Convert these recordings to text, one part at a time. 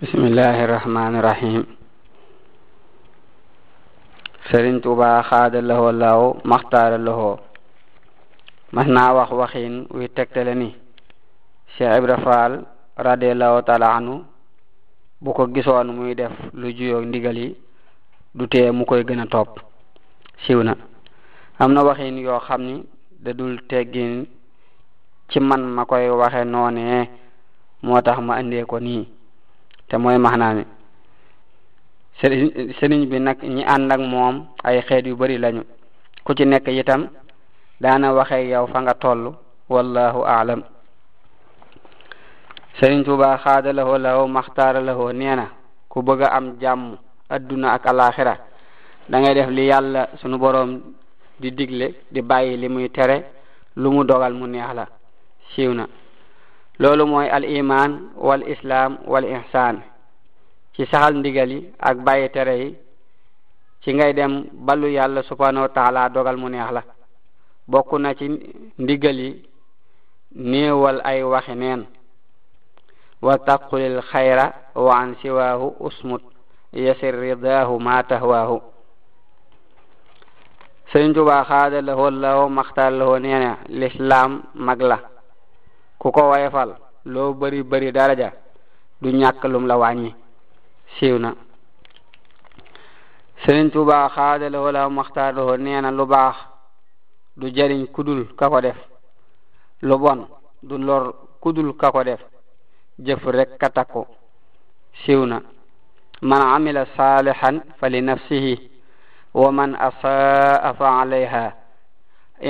bismillahi rahmaani rahim sëriñ tuuba xaada lahoo laaw maxtaara naa wax waxin wuy tegtale ni cheikh ibra fall radiallahu taala anhu bu ko gisoon muy def lu juyoo ndigal yi du tee mu koy gën a topp na am na waxin yoo xam ni da dul teggin ci man ma koy waxe noonee moo tax ma indee ko nii te mooy maxnaa mi sëriñ bi nag ñi ànd moom ay xeet yu bari lañu ku ci nekk itam daana waxee yow fa nga toll wallahu aalam sëriñ Tuubaa xaadalawoo lawoo maxtaaralawoo nee na ku bëgg a am jàmm adduna ak alaxira da def li yàlla sunu boroom di digle di bàyyi li muy tere lu mu dogal mu neex la na loolu mooy al iman wal islam wal ihsan ci saxal ndigal ak bàyyi tere yi ci ngay dem ballu yàlla subhanahu wa taala dogal mu neex la bokk na ci ndigal yi néewal ay waxi neen wa taqulil xayra wa an siwaahu usmut yasir ridaahu ma tahwaahu sëriñ Tuubaa xaada lahoo lahoo maxtaar lahoo nee na l'islam mag la ku ko woyefal loo bari bari daraja du ñàkk lum la wàññi siiw na sëriñ tuba xaadala wala maxtaaroo nee na lu baax du jariñ kudul ka ko def lu bon du lor kudul ka ko def jëf rek ka takku siiw na man amila salihan fa li nafsihi wa man asaa fa alayha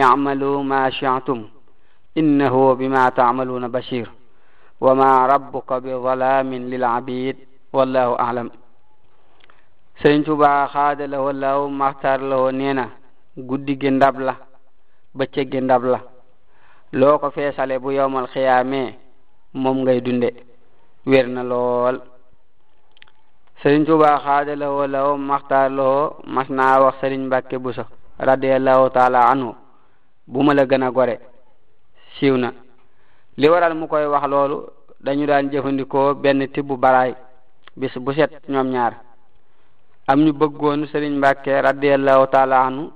i'malu ma shi'tum innahu bima taamaluuna bashir wa ma rabbuka bi zalamin lil abid wallahu aalam Sëriñ Tuubaa xaada la woo law maxtaar la woo nee guddi gi la bëccëg gi ndab la loo ko feesale bu yowmal xiyaamee moom ngay dunde wér na lool Sëriñ Tuubaa xaada la woo law maxtaar la woo mas naa wax Sëriñ Mbàkke Buso radiallahu taala anhu bu ma la gën a gore siiw na li waral mu koy wax loolu dañu daan jëfandikoo benn tibb baraay bis bu set ñoom ñaar am ñu bëggoon sëriñ Mbàkke radiyallahu taala anhu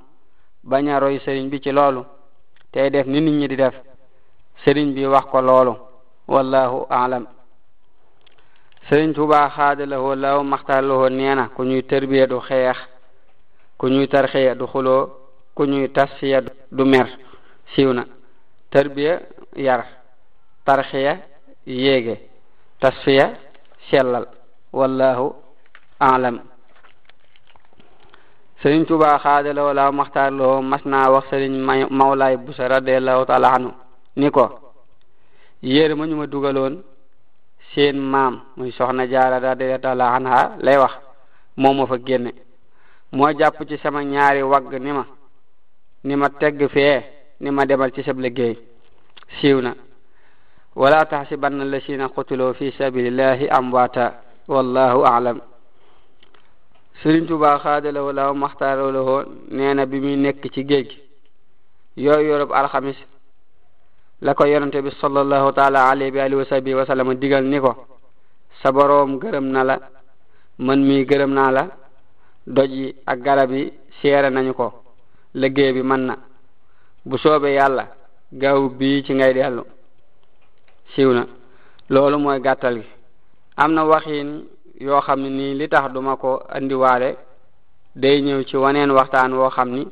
bañ sëriñ bi ci loolu tey def ni nit ñi di def sëriñ bi wax ko loolu wallahu alam sëriñ Tuubaa xaadalawoo law maxtarlawoo nee na ku ñuy tërbiya du xeex ku ñuy tarxiya du xuloo ku ñuy tasfiya du mer siiw na tarbiya yar tarxiya yéege tasfiya sellal wallahu alam sëriñ Tuubaa xaadaloo laa maxtaar loo mas naa wax sëriñ mawlaay busa radiallahu taala anhu ni ko yéer ma ñu ma dugaloon seen maam muy soxna jaara radiallahu taala anha lay wax moo fa génne moo jàpp ci sama ñaari wagg ni ma ni ma tegg fee ni ma demal ci sab liggéey siiw na wala taxsibanna allasina qutilu fi sabilillahi amwata wallahu a'lam serigne touba khadalo wala maxtaaroo lo neena bi mi nek ci géej yoy yooyu yorub alxamis la ko yonante bi sallallahu taala alayhi wa sahbi wa sallam digal ni ko sa boroom gërëm na la man mi geureum na la doji ak garab yi seere nañu ko liggéey bi man na bu soobee yàlla gaaw bii ci ngay dellu siiw na loolu mooy gàttal gi am na waxin yoo xam ne nii li tax duma ko andiwaale day ñëw ci waneen waxtaan woo xam ni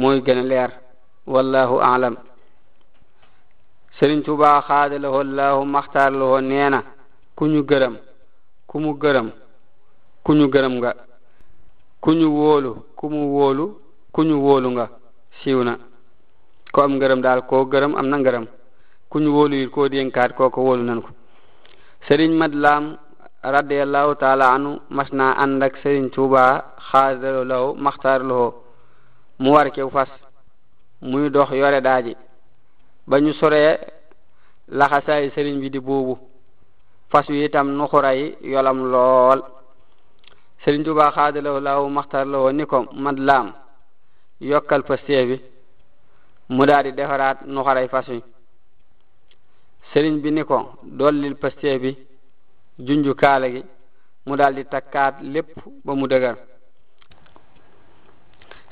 mooy gën a leer wallahu alam Sëriñ Tuubaa xaadalawoo laahu maxtaarlawoo nee na ku ñu gërëm ku mu gërëm ku ñu gërëm nga ku ñu wóolu ku mu wóolu ku ñu wóolu nga siiw na ko am ngërëm daal ko gërëm am na ngërëm ku ñu wóolu yit koo dénkaat koo ko wóolu nan ko sëriñ mat laam radiallahu taala anu mas na ànd ak sëriñ tuuba xaadalo law maxtaar loo mu war kew fas muy dox yore daaji ba ñu soree sëriñ bi di boobu fas wi itam yolam lool sëriñ tuuba xaadalo law maxtaar loo ni ko mat laam yokkal pasteef bi mu daal di defaraat nu xaray fas wi sëriñ bi ni ko dollil paste bi junju kaala gi mu daldi takkaat lépp ba mu dëgër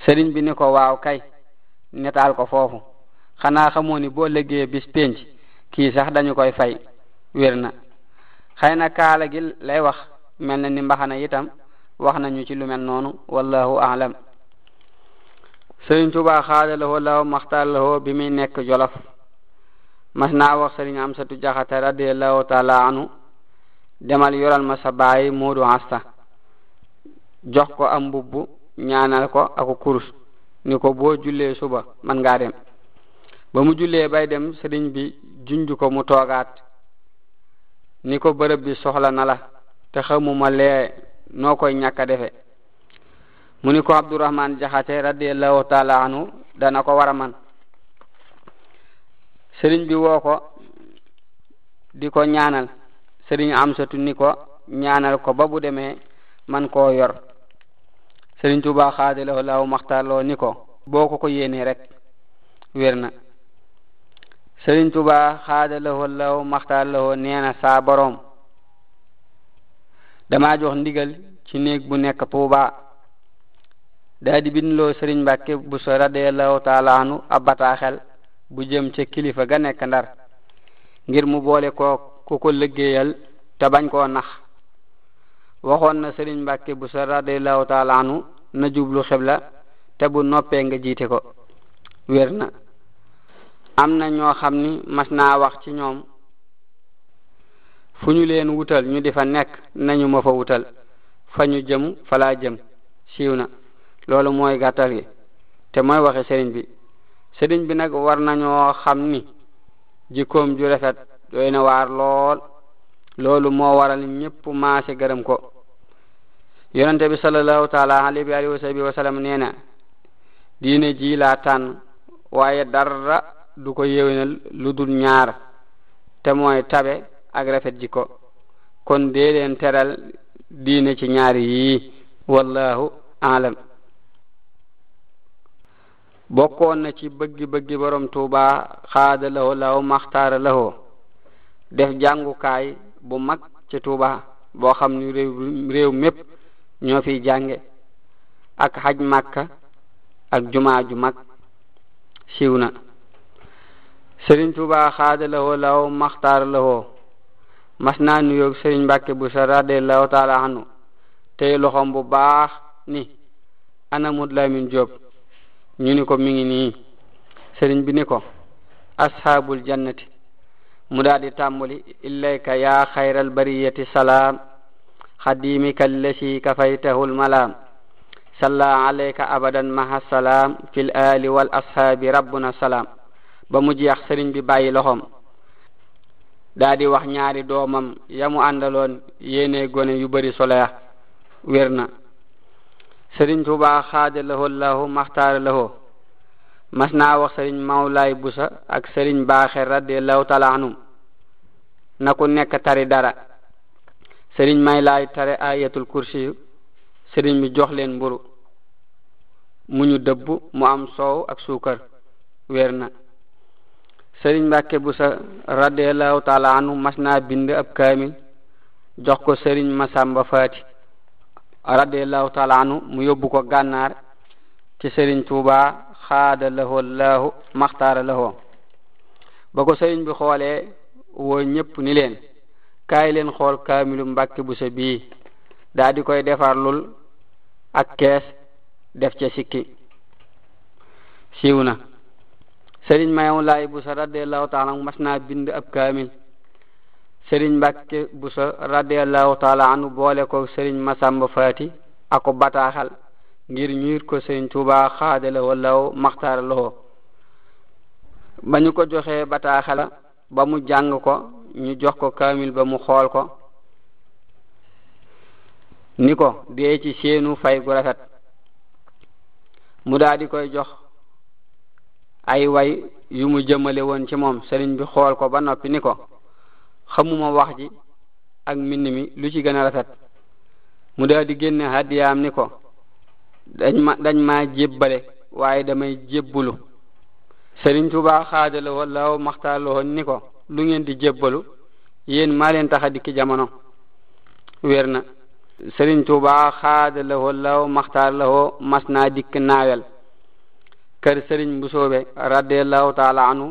sëriñ bi ni ko waaw kay netaal ko foofu xanaa xamoo ni boo liggéeyee bis kii sax dañu koy fay wér na xëy na kaala gi lay wax mel na ni mbaxana itam wax nañu ci lu mel noonu wallahu aalam sëriñ Tuubaa xaada la woo law bi muy nekk jolof mas naa wax sëriñ Amsatu Jaxate radiallahu taala demal yoral ma sa baay Moodu Asta jox ko am mbubb ñaanal ko aku kurus ni ko boo jullee suba man nga dem ba mu jullee bay dem sëriñ bi junj ko mu toogaat ni ko bërëb bi soxla na la te xamuma lee noo koy ñàkk a defe mu ni ko abdourahman jaxate radiallahu taala anhu dana ko war a man sëriñ bi woo di ko ñaanal sëriñ amsatu ni ko ñaanal ko ba bu demee man koo yor sëriñ tuba xaadilahu laahu maxtaarloo ni ko boo ko ko yéenee rek wér na tuba xaadalahu laahu maxtaarloo nee na saa dama jox ndigal ci bu nekk tuuba daa di bindloo sëriñ mbàkke bu so radiallahu taala ab bataaxel bu jëm ca kilifa ga nekk ndar ngir mu boole koo ku ko liggéeyal te bañ koo nax waxoon na sëriñ mbàkke bu so radiallahu taala na jublu xibla te bu noppee nga jiite ko wér na am na ñoo xam ni mas naa wax ci ñoom fu ñu leen wutal ñu di fa nekk nañu ma fa wutal fa ñu jëm falaa jëm siiw na loolu mooy gàttal gi te mooy waxe sëriñ bi sëriñ bi nag war nañoo xam ni jikkoom ju rafet doy na waar lool loolu moo waral ñépp maase gërëm ko yonente bi sallallahu taala alayhi wa alihi wa sahbihi wa sallam nee na waaye dara du ko yéwénal lu dul ñaar te mooy tabe ak rafet jikko kon dee leen teral diine ci ñaar yii wallahu alam bokkoon na ci bëggi-bëggi borom tuuba xaada lawo law maxtaara lawoo def jàngukaay bu mag ci tuuba boo xam ni réew mépp ñoo fiy jànge ak xaj màkka ak jumaa ju mag siiw na sëriñ tuuba xaada lawo law maxtaara lawoo mas naa nuyoog sëriñ mbàkke bu sa radiallahu taala anu tey loxom bu baax ni ana mut lamin jóob ñu ni ko mi ngi nii sëriñ bi ni ko ashaabul jannati mu daal di tàmbali ilayka yaa xayral bariyati salaam xadimika allasi kafaytahu lmalaam salla alayka abadan maha salaam ali wal ashaabi rabbuna salaam ba mu jeex sëriñ bi bàyyi loxoom daa wax ñaari doomam ya mu àndaloon yéene gone yu bari solo ya sëriñ Tuubaa xaada lahoo lahoo maxtaara lahoo mas naa wax sëriñ Mawlaay Busa ak sëriñ Baaxe radiallahu taala na ku nekk tari dara sëriñ may lay tare ayetul kursi sëriñ bi jox leen mburu mu ñu dëbb mu am soow ak suukar weer na sëriñ Mbàkke Busa radiallahu taala mas naa bind ab kaamil jox ko sëriñ Masamba Faati radiallahu taala mu yóbbu ko gànnaar ci sëriñ tuuba xaada lahoo laahu maxtaara lahoo ba ko sëriñ bi xoolee woo ñépp ni leen kaay leen xool kaamilu mbàkke bu sa bii daa koy koy defarlul ak kees def ca sikki siiw na sëriñ mayow laay bu sa radiallahu taala mas naa bind ab kaamil sëriñ Mbàkke Buso radiallahu taala boole ko sëriñ Masamba Faati ako bataaxal ngir ñiir ko sëriñ Tuubaa xaadalawo law maxtaara lowoo ba ñu ko joxee bataaxala ba mu jàng ko ñu jox ko kaamil ba mu xool ko ni ko dee ci seenu fay gu rafet mu daal koy jox ay way yu mu jëmale woon ci moom sëriñ bi xool ko ba noppi ni ko xamuma wax ji ak mbind mi lu ci gën a rafet mu daal di génne hadiyaam ni ko dañ ma dañ maa jébbale waaye damay jébbulu Sëriñ Tuubaa xaadala wallaahu maxtaarloo ni ko lu ngeen di jébbalu yéen maa leen tax a dikki jamono wér na Sëriñ Tuubaa xaadala wallaahu maxtaarloo mas naa dikk naawel kër Sëriñ Mbusoobe radiallahu taala anhu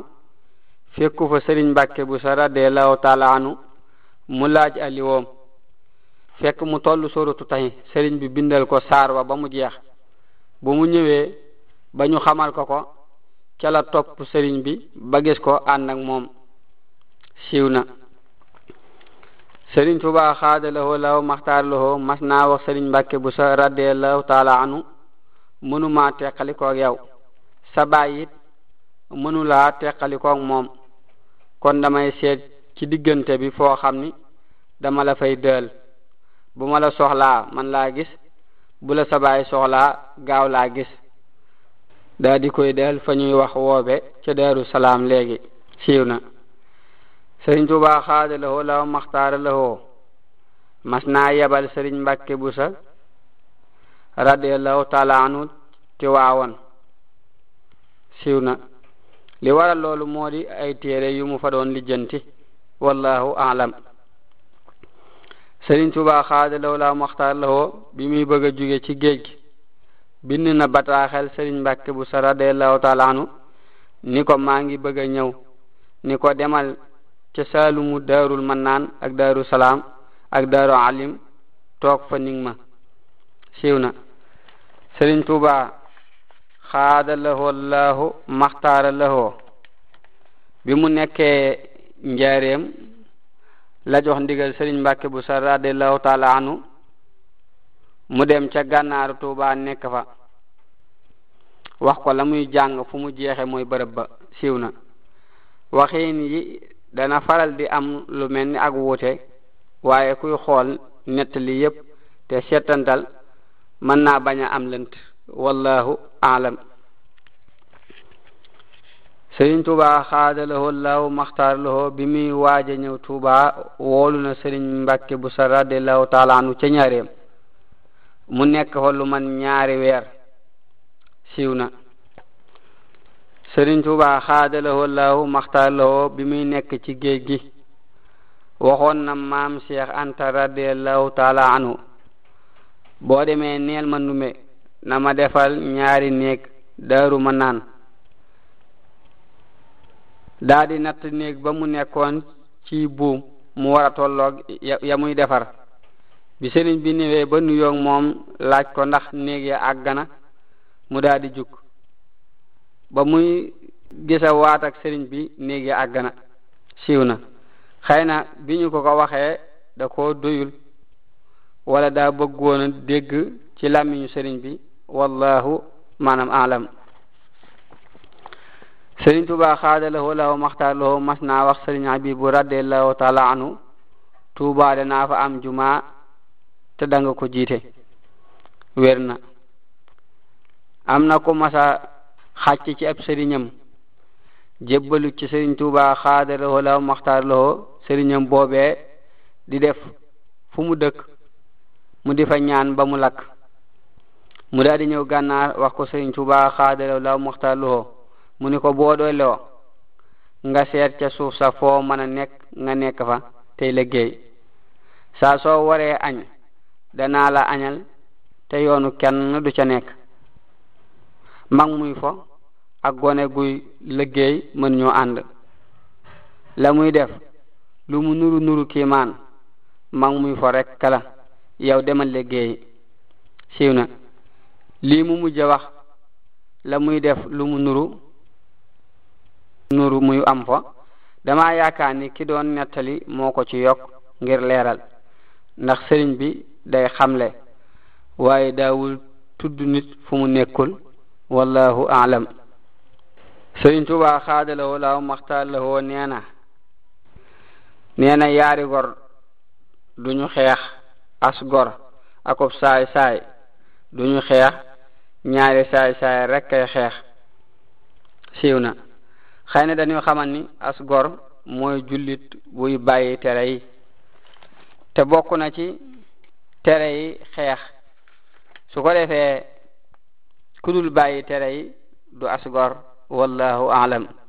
fekku fa sëriñ mbàkke bu sa radiallahu taala anu mu laaj aliwoom fekk mu toll sorotu tahi sëriñ bi bindal ko saar wa ba mu jeex ba mu ñëwee ba ñu xamal ko ko ca la topp sëriñ bi ba gis ko àndak moom siiw na sëriñ Tuubaa xaadalahoo law maxtaar lahoo mas naa wax sëriñ mbàkke bu sa radiallahu taala anu mënumaa teqali koog sa baay it mënulaa moom kon damay seet ci diggante bi foo xam ni dama la fay dël bu ma la soxla man laa gis bu la sa baay soxlaa gaaw laa gis daa koy dël fa ñuy wax woobe ca Daaru Salaam léegi siiw na sëriñ Tuubaa xaada lahoo law maxtaara lahoo mas naa yebal sëriñ Mbàkke Busa radiallahu taala anhu ci waawoon siiw na li waral loolu moo ay téere yu mu fa doon lijjanti wallahu aalam Sëriñ Tuubaa xaada lawlaa maxtaar lawoo bi muy bëgg a jóge ci géej gi bind na bataaxel Sëriñ Mbàkke bu sa radiallahu taala anhu ni ko maa ngi bëgg a ñëw ni ko demal ca saalumu daarul mannaan ak daaru salaam ak daaru alim toog fa ning ma siiw na Sëriñ xaada lahoo laahu maxtaara lahoo bi mu nekkee njaareem la jox ndigal sëriñ Mbàkke bu sa radiallahu mu dem ca gànnaaru Tuubaa nekk fa wax ko la muy jàng fu mu jeexe mooy bërëb ba siiw na waxiin yi dana faral di am lu mel ni ak wuute waaye kuy xool nett li yépp te seetantal mën naa bañ a am lënt wallahu aalam sëriñ tuuba xaadalahoo law maxtaar lahoo bi muy waaja ñëw tuuba woolu na sëriñ mbàkke bu sa radiallahu taala anu ca ñaareem mu nekk fa man ñaari weer siiw na sëriñ tuuba xaadalahoo law maxtaar lahoo bi muy nekk ci géej gi waxoon na maam cheikh anta radiallahu taala anhu boo demee neel ma numé na ma defal ñaari néeg daaru ma naan daa natt néeg ba mu nekkoon ci buum mu war tolloog ya muy defar bi sëriñ bi ñëwee ba nuyoog moom laaj ko ndax néeg ya àggana mu daldi di ba muy gisa waat ak sëriñ bi néeg ya àggana siiw na xëy na bi ñu ko ko waxee da ko doyul wala daa bëggoon dégg ci làmmiñu sëriñ bi wallahu maanaam alam sëriñ tuba xaadalahoo lawo maxtaarlowoo mas naa wax sëriñ abibu radiallahu taala anhu tuuba danaa fa am juma te danga ko jiite wér na am na ko masa xàcc ci ab sëriñam jébbalu ci sëriñ tuuba xaadalahoo lawo maxtaarlowoo sëriñam boobe di def fu mu dëkk mu di fa ñaan ba mu lakk mu daal di ñëw gànnaar wax ko sëriñ Tuubaa xaadalaw law muxtaar luxoo mu ni ko boo doy loo nga seet ca suuf sa foo mën a nekk nga nekk fa tey liggéey saa soo waree añ danaa la añal te yoonu kenn du ca nekk mag muy fo ak gone guy liggéey mën ñu ànd la muy def lu mu nuru nuru kiimaan mag muy fo rek kala yow demal liggéey siiw na lii mu mujj wax la muy def lu mu nuru nuru muy am fa dama yaakaar ni ki doon nettali moo ko ci yokk ngir leeral ndax sëriñ bi day xamle waaye daawul tudd nit fu mu nekkul wallahu aalam sëriñ Tuubaa xaadalawoo laaw maxtaalawoo nee na nee na yaari gor duñu xeex as gor akob saay saay duñu xeex ñaari saay-saay rek kay xeex siiw na xëy na dañuy xamal ni as mooy jullit buy bàyyi tere yi te bokk na ci tere yi xeex su ko defee ku dul bàyyi tere yi du as gor wallahu aalam